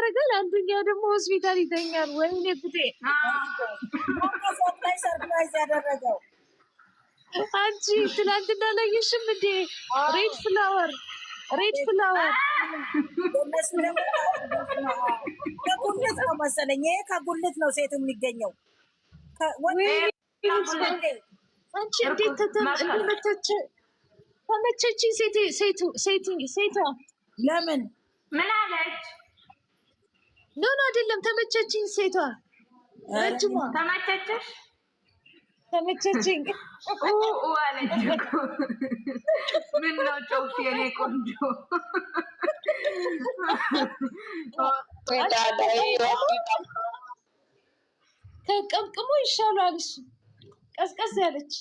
ያደርጋል፣ አንዱኛ ደግሞ ሆስፒታል ይተኛል። ወይኔ ጉዴ! አንቺ ትናንትና ለይሽም እንዴ? ሬድ ፍላወር ሬድ ፍላወር ከጉልት ነው መሰለኝ። ይሄ ከጉልት ነው ሴት የሚገኘው። አንቺ እንዴት ተመቸችኝ ሴቷ። ለምን ምን አለች? ኖ አይደለም፣ ተመቸችኝ። ሴቷ ረጅሟ ተመቸችሽ? ተመቸችኝ ምን ነው ጮክ የኔ ቆንጆ ከቀምቅሞ ይሻላል። እሱ ቀዝቀዝ ያለች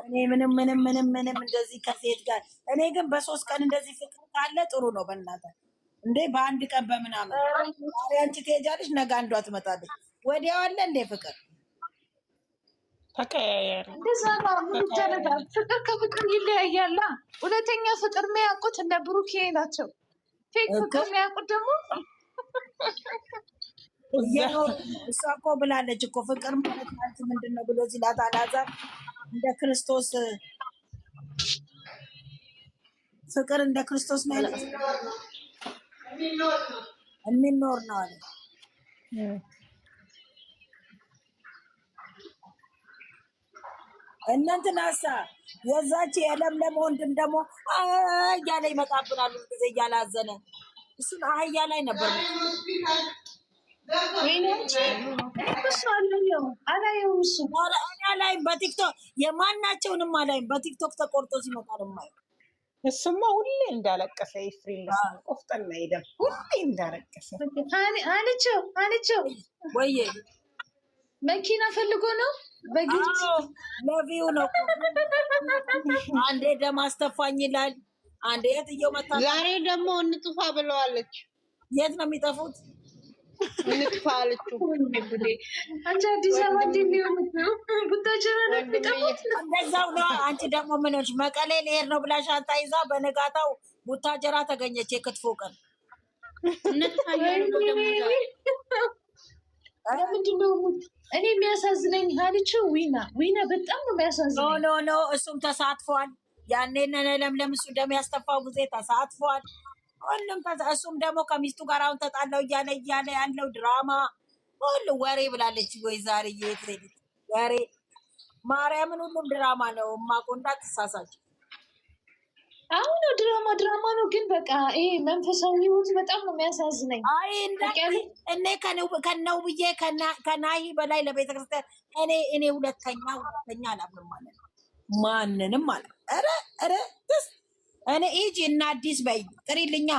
እኔ ምንም ምንም ምንም ምንም እንደዚህ ከሴት ጋር እኔ ግን በሶስት ቀን እንደዚህ ፍቅር ካለ ጥሩ ነው። በእናትህ እንዴ በአንድ ቀን በምናምን አንቺ ትሄጃለሽ፣ ነገ አንዷ ትመጣለች። ወዲያው አለ እንዴ ፍቅር ፍቅር ከፍቅር ይለያያላ። ሁለተኛ ፍቅር የሚያውቁት እነ ብሩኬ ናቸው። ፌክ ፍቅር የሚያውቁት ደግሞ እሷ እኮ ብላለች እኮ ፍቅር ማለት ማለት ምንድን ነው ብሎ ሲላት አልዓዛር እንደ ክርስቶስ ፍቅር እንደ ክርስቶስ ነው የሚኖር ነው አለ። እነንትናሳ የዛች የለምለም ወንድም ደግሞ አህያ ላይ ይመጣብናል ጊዜ እያላዘነ እሱን አህያ ላይ ነበር እሱ አላይም። በቲክቶክ የማናቸውንም አላይም። በቲክቶክ ተቆርጦ ሲመጣ ነው የማየው እሱማ ሁሌ እንዳለቀሰ ኤፍሬም ቆፍጠና ሄደም ሁሌ እንዳለቀሰ አለችው አለችው ወይ መኪና ፈልጎ ነው በግልጽ ለቪው ነው። አንዴ ደም አስተፋኝ ይላል፣ አንዴ የትየው መታ። ዛሬ ደግሞ እንጥፋ ብለዋለች። የት ነው የሚጠፉት? ንጥፋ አለችው። አንቺ አዲስ አበባ እንደዛው ነው። አንቺ ደግሞ ምንች መቀሌ ልሄድ ነው ብላ ሻንጣ ይዛ በነጋታው ቡታጀራ ተገኘች። የክትፎ ቀን ለምንድነው? እኔ የሚያሳዝነኝ ሀኒች ዊና ዊና በጣም ነው የሚያሳዝነኝ። ኖ ኖ ኖ እሱም ተሳትፏል። ያኔ ለምለም እሱ እንደሚያስተፋው ጊዜ ተሳትፏል። ሁሉም ከዛ እሱም ደግሞ ከሚስቱ ጋር አሁን ተጣላው እያለ እያለ ያለው ድራማ ሁሉ ወሬ ብላለች ወይ ዛሬ የት ወሬ ማርያምን፣ ሁሉም ድራማ ነው እማቆ እንዳትሳሳቸው። አሁን ነው ድራማ ድራማ ነው። ግን በቃ ይሄ መንፈሳዊ ህይወት በጣም ነው የሚያሳዝነኝ። አይ እኔ ከነው ብዬ ከናሂ በላይ ለቤተክርስቲያን እኔ እኔ ሁለተኛ ሁለተኛ አላምንም ማለት ነው ማንንም ማለት ረ ረ ስ እኔ ሂጂ እና አዲስ በይ ጥሪልኛ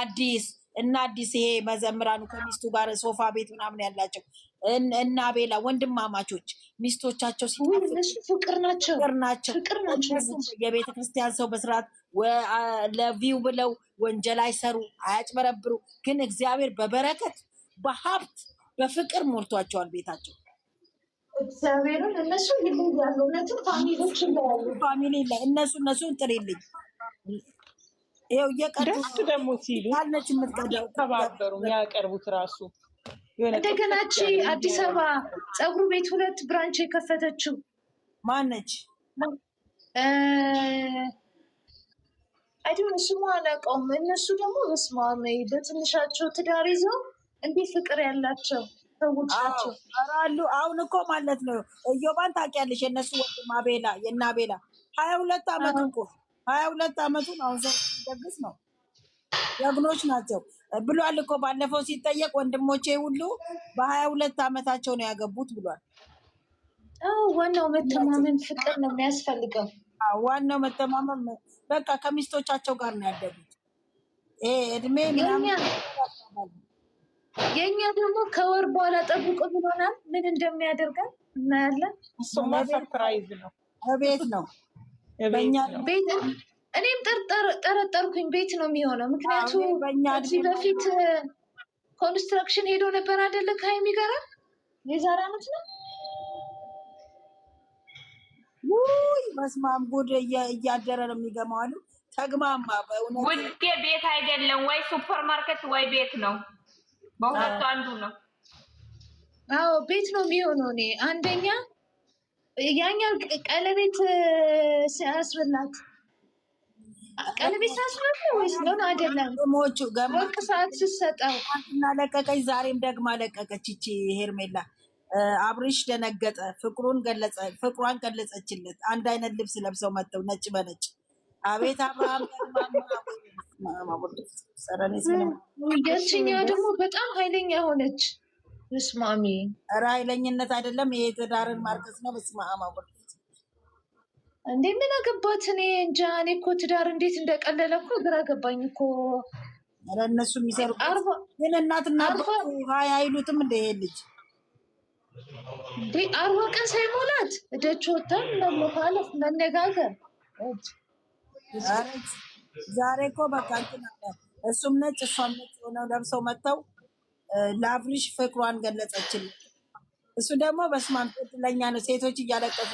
አዲስ እና አዲስ ይሄ መዘምራኑ ከሚስቱ ጋር ሶፋ ቤት ምናምን ያላቸው እና ቤላ ወንድማማቾች ሚስቶቻቸው ፍቅር ናቸው ፍቅር ናቸው። የቤተ ክርስቲያን ሰው በስርዓት ለቪው ብለው ወንጀል አይሰሩ፣ አያጭበረብሩ። ግን እግዚአብሔር በበረከት በሀብት በፍቅር ሞልቷቸዋል ቤታቸው። እግዚአብሔርን እነሱ ይለያሉ። እውነትም ፋሚሊዎች ይለያሉ። ፋሚሊ እነሱ እነሱን ጥሪልኝ ይኸው እየቀዱ ደግሞ ሲሉ አለች የምትቀዳው ተባበሩ ያቀርቡት ራሱ እንደገናች አዲስ አበባ ፀጉር ቤት ሁለት ብራንች የከፈተችው ማነች? አይዲሆን ስሙ አላውቀውም። እነሱ ደግሞ መስማ በትንሻቸው ትዳር ይዘው እንዴት ፍቅር ያላቸው ሰዎች ናቸው አሉ። አሁን እኮ ማለት ነው እዮባን ታውቂያለሽ? የእነሱ ወንድም አቤላ የእነ አቤላ ሀያ ሁለት አመት እኮ ሀያ ሁለት አመቱን አሁን ሰው ደግስ ነው። ጀግኖች ናቸው ብሏል እኮ ባለፈው ሲጠየቅ ወንድሞቼ ሁሉ በሀያ ሁለት አመታቸው ነው ያገቡት ብሏል። ዋናው መተማመን ፍቅር ነው የሚያስፈልገው። ዋናው መተማመን በቃ ከሚስቶቻቸው ጋር ነው ያደጉት። እድሜ የእኛ ደግሞ ከወር በኋላ ጠብቁ ብሎናል። ምን እንደሚያደርጋል እናያለን። እሱማ ሰርፕራይዝ ነው፣ እቤት ነው እኔም ጠረጠርኩኝ ቤት ነው የሚሆነው። ምክንያቱ ከዚህ በፊት ኮንስትራክሽን ሄዶ ነበር አይደለ? ከሀይሚ ጋራ የዛሬ አመት ነው። ውይ በስመ አብ ጉድ እያደረ ነው የሚገማው አሉ። ተግማማ በእውነት ቤት አይደለም ወይ ሱፐር ማርኬት ወይ ቤት ነው። በሁለቱ አንዱ ነው። አዎ ቤት ነው የሚሆነው። እኔ አንደኛ ያኛው ቀለቤት ሲያስበላት ቀለቤት ሲያስበላት ወይስ ሆን አይደለም። ሞቹ ወርቅ ሰዓት ስሰጠው እና ለቀቀች። ዛሬም ደግማ ለቀቀች። ይቺ ሄርሜላ አብሪሽ ደነገጠ። ፍቅሩን ገለጸ፣ ፍቅሯን ገለጸችለት። አንድ አይነት ልብስ ለብሰው መጥተው ነጭ በነጭ አቤት አብርሃም ደግማ ደግሞ በጣም ኃይለኛ ሆነች። ስማሚ ኧረ ኃይለኝነት አይደለም ይሄ ትዳርን ማርከስ ነው። በስማማ እንዴ ምን አገባት? እኔ እንጃ። እኔ እኮ ትዳር እንዴት እንደቀለለ እኮ ግራ ገባኝ እኮ። ኧረ እነሱ የሚሰሩ ግን እናትና ሀይ አይሉትም እንደ ይሄ ልጅ እንዴ አርባ ቀን ሳይሞላት እደች ወተን መነጋገር ዛሬ እኮ በቃ እሱም ነጭ እሷም ነጭ ሆነው ለብሰው መጥተው ለአብሪሽ ፍቅሯን ገለጸችል። እሱ ደግሞ በስማን ትለኛ ነው። ሴቶች እያለቀሱ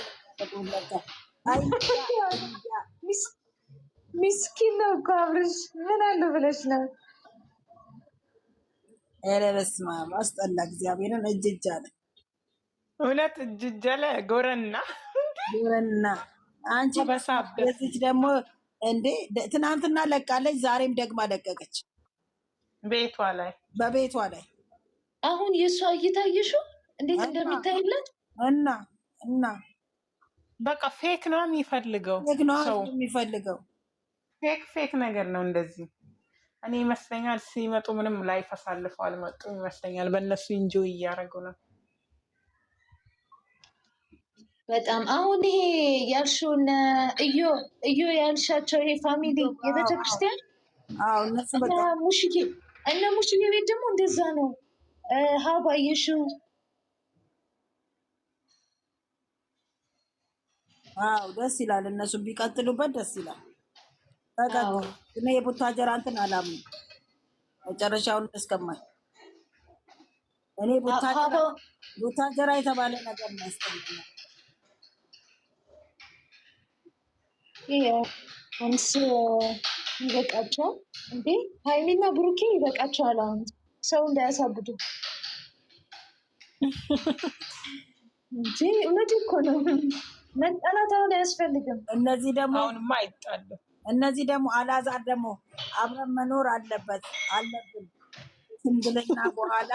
ሚስኪን ነው እኮ አብሪሽ። ምን አለው ብለሽ ነው? ኧረ በስመ አስጠላ። እግዚአብሔርን እጅ እጅ አለ። እውነት እጅ እጅ አለ። ጎረና ጎረና። አንቺ በሳበዚች ደግሞ እንዴ ትናንትና ለቃለች፣ ዛሬም ደግማ ለቀቀች። ቤቷ ላይ በቤቷ ላይ አሁን የእሷ እይታየሹ እንዴት እንደሚታይለት እና እና በቃ ፌክ ነው የሚፈልገው ነው የሚፈልገው ፌክ ፌክ ነገር ነው እንደዚህ። እኔ ይመስለኛል ሲመጡ ምንም ላይፍ አሳልፈው አልመጡም ይመስለኛል። በእነሱ እንጆ እያደረጉ ነው በጣም አሁን ይሄ ያልሽውን እዮ እዮ ያልሻቸው ይሄ ፋሚሊ የቤተክርስቲያን አዎ እነ ሙሽዬ ቤት ደግሞ እንደዛ ነው። ሀብ አየሽው? አዎ ደስ ይላል። እነሱ ቢቀጥሉበት ደስ ይላል። እኔ የቡታጀራ እንትን አላምንም መጨረሻውን እስከማይ እኔ ቡታጀራ የተባለ ነገር ያስጠላኛል። ይሄ ይበቃቸዋል እንዴ ሀይሚና ብሩኬ ይበቃቸዋል። አሁን ሰው እንዳያሳብዱ እንጂ እውነት እኮ ነው። መጠላት አሁን አያስፈልግም። እነዚህ ደግሞ አሁንማ እነዚህ ደግሞ አላዛር ደግሞ አብረን መኖር አለበት አለብን። ሽምግልና በኋላ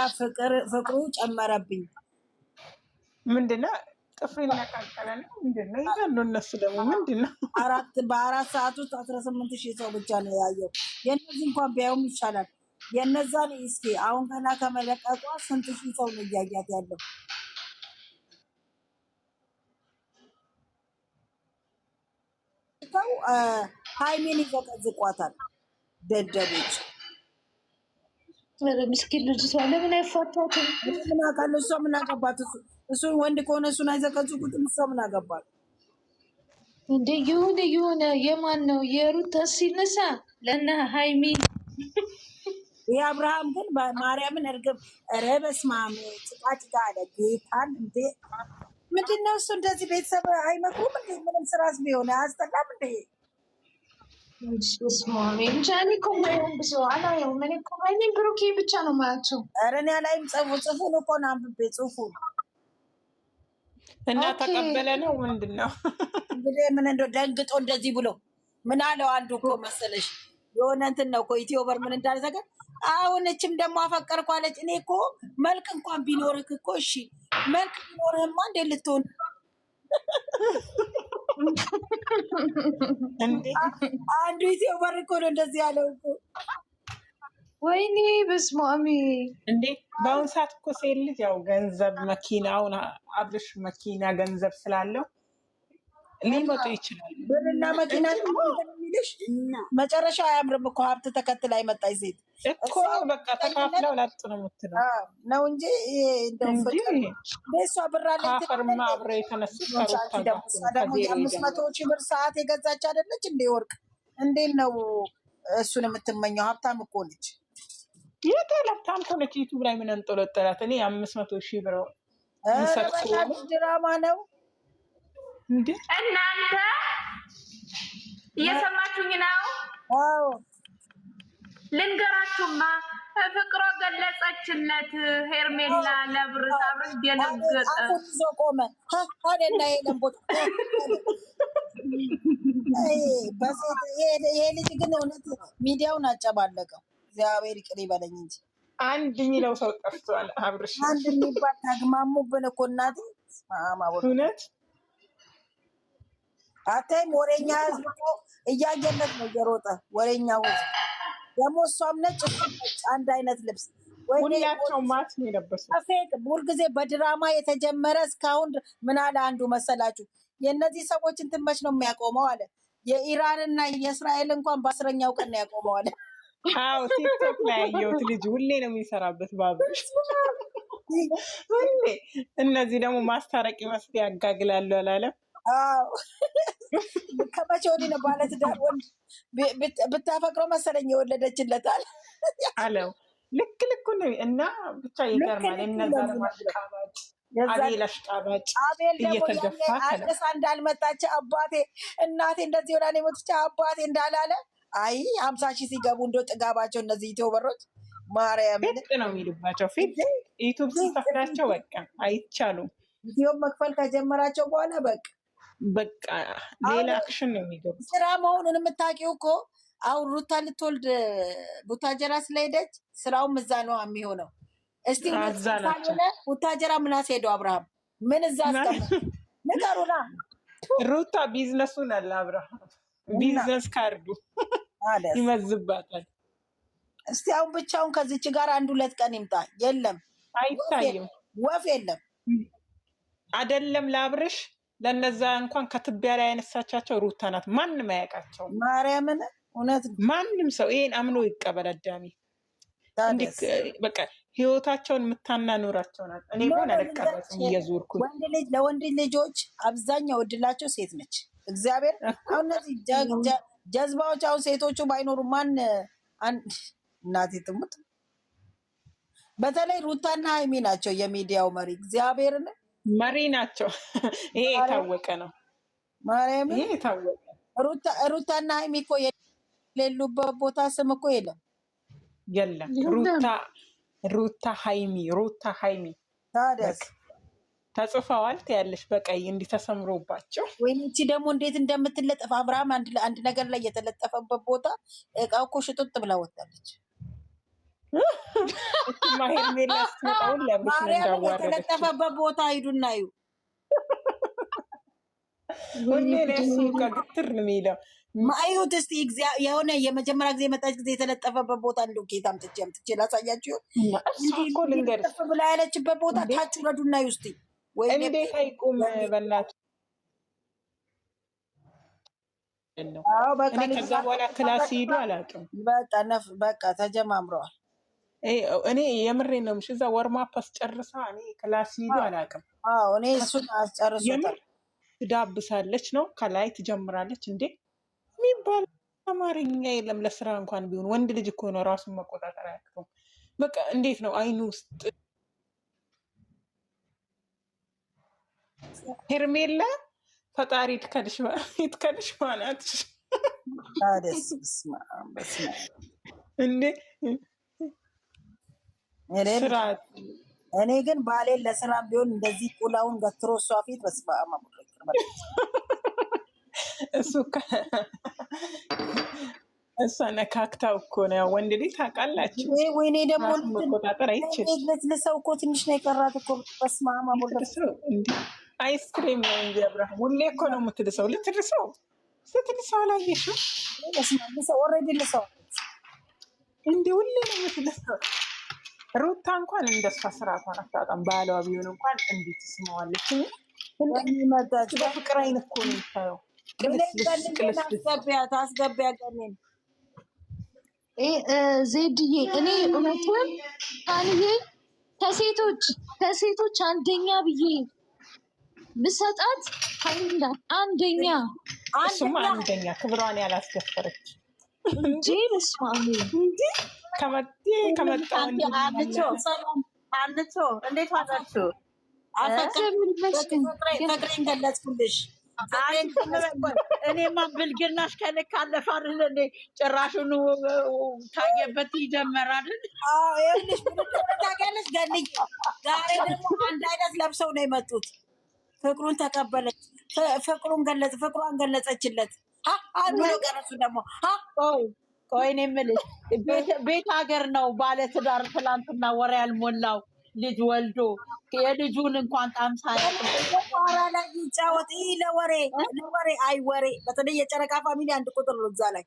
ፍቅሩ ጨመረብኝ ምንድነው ጥፍር ያቃጠለ ነው። ምንድን ነው ይላሉ እነሱ ደግሞ ምንድን ነው በአራት ሰዓት ውስጥ አስራ ስምንት ሺህ ሰው ብቻ ነው ያየው። የእነዚህ እንኳን ቢያዩም ይቻላል። የእነዛን እስኪ አሁን ከና ከመለቀቋ ስንት ሺህ ሰው ነው እያያት ያለው? ሰው ሀይሜን ይዘቀዝቋታል። ደደቦች ምስኪን ልጅቷ ለምን አይፋቷትም? ምን አውቃለሁ እሷ ምን አገባት እሱ እሱን ወንድ ከሆነ እሱን አይዘቀዝቁትም። እሷ ምን አገባል እንዴ? የሆነ የሆነ የማን ነው የሩታ ሲነሳ ለእነ ሀይሚ የአብርሃም ግን ማርያምን እርግብ ረበስ ማም አብ ጭቃ አለ ጌታን። እንዴ ምንድን ነው እሱ እንደዚህ ቤተሰብ አይመክሩም እንዴ? ምንም ስራስ ቢሆን አያስጠላም እንዴ? ብቻ እኔ ብዙ አላየውም። እኔ እኮ ሀይሚን ብቻ ነው ማያቸው። ኧረ ላይም አላይም። ጽፉ ጽፉን እኮ ነው አንብቤ ጽፉን እና ተቀበለ ነው ምንድን ነው እንግዲህ ምን እንደ ደንግጦ እንደዚህ ብሎ ምን አለው? አንዱ እኮ መሰለሽ የሆነ እንትን ነው እኮ ኢትዮበር ምን እንዳልዘገ አሁን እችም ደግሞ አፈቀርኩ አለች። እኔ እኮ መልክ እንኳን ቢኖርህ እኮ እሺ መልክ ቢኖርህማ እንዴ ልትሆን አንዱ ኢትዮበር እኮ ነው እንደዚህ ያለው እኮ ወይኔ በስመ አብ እንዴ! በአሁን ሰዓት እኮ ሴት ልጅ ያው ገንዘብ መኪና፣ አሁን አብርሽ መኪና ገንዘብ ስላለው ሊመጡ ይችላል። ብርና መኪና መጨረሻ አያምርም እኮ ሀብት ተከትላ የመጣች ሴት እኮ በቃ ተካፍለው ላጡ ነው የምትለው ነው እንጂ እንደሷ ብራለፈርማ አብረ የተነሱደሞ መቶ ሺህ ብር ሰዓት የገዛች አይደለች እንዴ ወርቅ። እንዴት ነው እሱን የምትመኘው? ሀብታም እኮ ነች። የተለብታም ከሆነች ዩቱብ ላይ ምን አንጠለጠላት? እኔ አምስት መቶ ሺህ ብር ድራማ ነው። እናንተ እየሰማችሁኝ ነው? ልንገራችሁማ ፍቅሮ ገለጸችለት። ሄርሜላ ለብር ሳብር ደነገጠ። ይሄ ልጅ ግን እውነት ሚዲያውን አጨባለቀው። እግዚአብሔር ይቅር ይበለኝ እንጂ አንድ የሚለው ሰው ጠፍቷል። አብርሽ አንድ የሚባል ታግማሙብን እኮ እናት እውነት አታይም? ወሬኛ ህዝብ እኮ እያየለት ነው እየሮጠ ወሬኛ ህዝብ ደግሞ እሷም ነጭ አንድ አይነት ልብስ ሁላቸው ማት ነው የለበሱት። ጊዜ በድራማ የተጀመረ እስካሁን ምን አለ አንዱ መሰላችሁ የእነዚህ ሰዎች እንትን ነው የሚያቆመው አለ። የኢራንና የእስራኤል እንኳን በአስረኛው ቀን ነው ያቆመው አለ። አዎ ቲክቶክ ላይ ያየሁት ልጅ ሁሌ ነው የሚሰራበት ባብሽ። ሁሌ እነዚህ ደግሞ ማስታረቅ መስል ያጋግላሉ አላለም። ከመቼ ወዲህ ነው ባለትዳር ወንድ ብታፈቅረው መሰለኝ የወለደችለታል አለው። ልክ ልኩ እና ብቻ ይገርማል። እነዛ ለማሽቃባጭ አቤል አሽቃባጭ እየተገፋ ከአዲስ እንዳልመጣች አባቴ እናቴ እንደዚህ ሆና የሞተች አባቴ እንዳላለ አይ አምሳ ሺህ ሲገቡ እንደ ጥጋባቸው እነዚህ ኢትዮ በሮች ማርያምን ጥ ነው የሚሉባቸው ፊት ዩቱብ ስታፍዳቸው በቃ አይቻሉም። ኢትዮ መክፈል ከጀመራቸው በኋላ በቃ በቃ ሌላ አክሽን ነው የሚገቡ። ስራ መሆኑን የምታውቂው እኮ አሁን ሩታ ልትወልድ ቡታጀራ ስለሄደች ስራውም እዛ ነው የሚሆነው። እስቲ ሆነ ቡታጀራ ምን አስሄደው አብርሃም ምን እዛ አስቀመ ንገሩና ሩታ ቢዝነሱን አለ አብርሃም ቢዝነስ ካርዱ ይመዝባታል። እስቲ አሁን ብቻውን ከዚች ጋር አንድ ሁለት ቀን ይምጣ። የለም አይታይም፣ ወፍ የለም አደለም። ለአብርሽ ለነዛ እንኳን ከትቢያ ላይ ያነሳቻቸው ሩታ ናት። ማንም አያውቃቸው። ማርያምን እውነት ማንም ሰው ይሄን አምኖ ይቀበል። አዳሚ በቃ ህይወታቸውን የምታናኖራቸው ናት። እኔ ሆን አለቀበት እየዞርኩኝ ወንድ ልጅ ለወንድ ልጆች አብዛኛው እድላቸው ሴት ነች። እግዚአብሔር አሁን እነዚህ ጀዝባዎች አሁን ሴቶቹ ባይኖሩ ማን እናቴ ትሙት። በተለይ ሩታና ሀይሚ ናቸው የሚዲያው መሪ፣ እግዚአብሔርን መሪ ናቸው። ይሄ የታወቀ ነው። ማርያም ይሄ የታወቀ ሩታና ሀይሚ እኮ የሌሉበት ቦታ ስም እኮ የለም የለም። ሩታ ሩታ ሀይሚ ሩታ ሀይሚ ታዲያስ ተጽፈዋል ትያለሽ በቀይ እንዲተሰምሮባቸው ወይም እቺ ደግሞ እንዴት እንደምትለጠፍ አብርሃም አንድ ነገር ላይ የተለጠፈበት ቦታ እቃ እኮ ሽጡጥ ብላ ወጣለች። ሄርሜላ የተለጠፈበት ቦታ ሂዱና ዩ ሁሌ ነው የሚለው ማዩት እስቲ የሆነ የመጀመሪያ ጊዜ የመጣች ጊዜ የተለጠፈበት ቦታ እንደው ጌታ አምጥቼ ምትቼ ላሳያችሁ። ብላ ያለችበት ቦታ ታች ረዱና ዩ እስቲ እንዴት አይቁም? በእናትህ ከዛ በኋላ ክላስ ሂዱ አላውቅም። በቃ ተጀማምረዋል። እኔ የምሬ ነው። እዛ ወርማፕ አስጨርሳ እኔ ክላስ አላውቅም። እኔ እሱን አስጨርሶታል። ትዳብሳለች ነው ከላይ ትጀምራለች። እንዴ የሚባል አማርኛ የለም። ለስራ እንኳን ቢሆን ወንድ ልጅ እኮ ነው ራሱን መቆጣጠር አያቅተውም። በቃ እንዴት ነው አይኑ ውስጥ ሄርሜላ ፈጣሪ ይትከልሽ ማለት እኔ ግን ባሌን ለስራ ቢሆን እንደዚህ ቁላውን ገትሮ እሷ ፊት በስማማ እሱ እሷ ነካክታው እኮ ነው። ወንድ ልጅ ታውቃላችሁ። ወይኔ ደግሞ መቆጣጠር አይችልም። ልሰው እኮ ትንሽ ነው የቀራት እኮ በስማማ አይስክሪም ነው እንጂ አብርሃም ሁሌ እኮ ነው የምትልሰው። ልትልሰው ስትልሰው አላየሽም? እንደ ሁሌ ነው የምትልሰው። ሩታ እንኳን እንደሷ ስርዓቷን አታጣም። ባለዋ ቢሆን እንኳን እንዴት ትስማዋለች? በፍቅር አይነት እኮ ነው የምታየው። ዜድዬ እኔ እውነቱን ከሴቶች ከሴቶች አንደኛ ብዬ ምሰጣት ሀይላ አንደኛ አንደኛ ክብሯን ያላስገፈረች እንጂ ስማ እንዴት ዋዛችሁ? ፍቅሬን ገለጽኩልሽ። እኔማ ብልግናሽ ከልክ አለፈ አይደል እንዴ? ጭራሹን ታየበት ይጀመር አይደል? ይኸውልሽ ታውቂያለሽ፣ ዛሬ ደግሞ አንድ አይነት ለብሰው ነው የመጡት። ፍቅሩን ተቀበለች። ፍቅሩን ገለጽ ፍቅሯን ገለጸችለት። አንዱ ነገር እሱ ደግሞ ቆይ እኔ የምልሽ ቤት ሀገር ነው ባለትዳር ትላንትና ወሬ ያልሞላው ልጅ ወልዶ የልጁን እንኳን ጣም ሳያራ ላይ ይጫወት። ለወሬ ለወሬ አይ ወሬ በተለይ የጨረቃ ፋሚሊ አንድ ቁጥር ነው እዛ ላይ።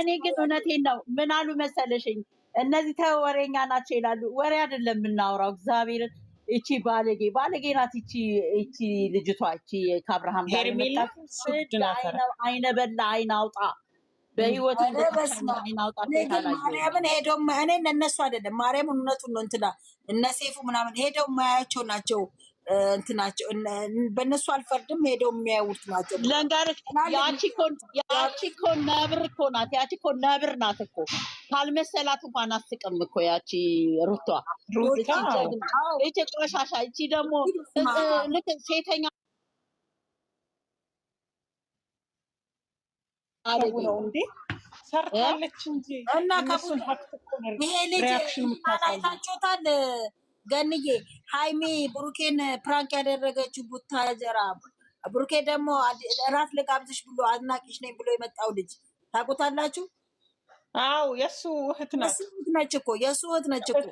እኔ ግን እውነቴን ነው። ምን አሉ መሰለሽኝ እነዚህ ተወሬኛ ናቸው ይላሉ። ወሬ አይደለም የምናወራው እግዚአብሔርን እቺ ባለጌ ባለጌ ናት። እቺ እቺ ልጅቷ እቺ ከአብርሃም ጋር አይነ በላ አይነ አውጣ በህይወት ማርያምን ሄደው እኔ እነሱ አይደለም ማርያም እውነቱን ነው እንትና እነ ሴፉ ምናምን ሄደው ማያቸው ናቸው። እንትናቸው በእነሱ አልፈርድም። ሄደው የሚያውርት ናቸው። ያቺ እኮ ነብር እኮ ናት። ያቺ እኮ ነብር ናት እኮ ካልመሰላት እንኳን አስቅም እኮ ያቺ ሩቷ ይቺ ቆሻሻ፣ ይቺ ደግሞ ልክ ሴተኛ ነው እንዴ ሰርታለች እንጂ እና ይሄ ልጅ ታላይታችሁታል ገንዬ ሀይሚ ብሩኬን ፕራንክ ያደረገችው ቡታጀራ፣ ብሩኬ ደግሞ እራት ልጋብዝሽ ብሎ አዝናቂሽ ነኝ ብሎ የመጣው ልጅ ታውቁታላችሁ? አው የእሱ እህት ነች እኮ የእሱ እህት ነች እኮ።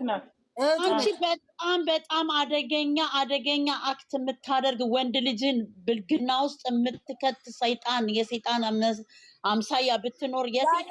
አንቺ በጣም በጣም አደገኛ አደገኛ አክት የምታደርግ ወንድ ልጅን ብልግና ውስጥ የምትከት ሰይጣን፣ የሰይጣን አምሳያ ብትኖር የሴት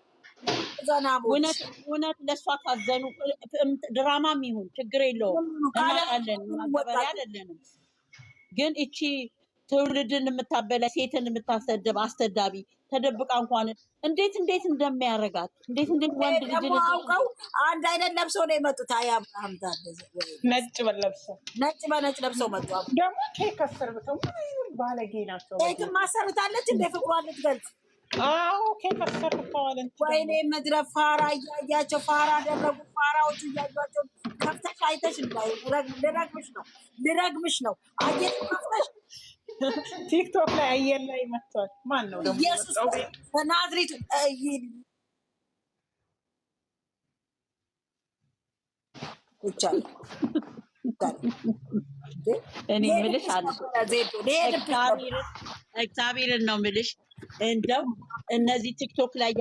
እውነት ለእሷ ካዘኑ ድራማም ይሁን ችግር የለውም አይደለንም። ግን እቺ ትውልድን የምታበላ ሴትን የምታሰድብ አስተዳቢ ተደብቃ እንኳን እንዴት እንዴት እንደሚያደርጋት እንዴት እንዴት ወንድ ልጅ አውቀው አንድ አይነት ለብሰው ነው የመጡት። አይ አብርሃም ነጭ በለብሰው ነጭ በነጭ ለብሰው መጡ። ደግሞ ኬክ አሰርብተው ባለጌ ናቸው። ኬክም አሰርታለች እንደ ልትገልጽ ወይኔ ምድረ ፋራ እያያቸው ፋራ አደረጉ። ፋራዎች እያያቸው ከፍተሽ አይተሽ እንዳይ ልረግምሽ ነው ልረግምሽ ነው። አየር ከፍተሽ ቲክቶክ ላይ አየር ላይ መጥቷል። ማን ነው ደግሞ ኢየሱስ በናዝሬቱ ብቻ እኔ ምልሽ አለ እግዚአብሔርን ነው ምልሽ እንደው እነዚህ ቲክቶክ ላይ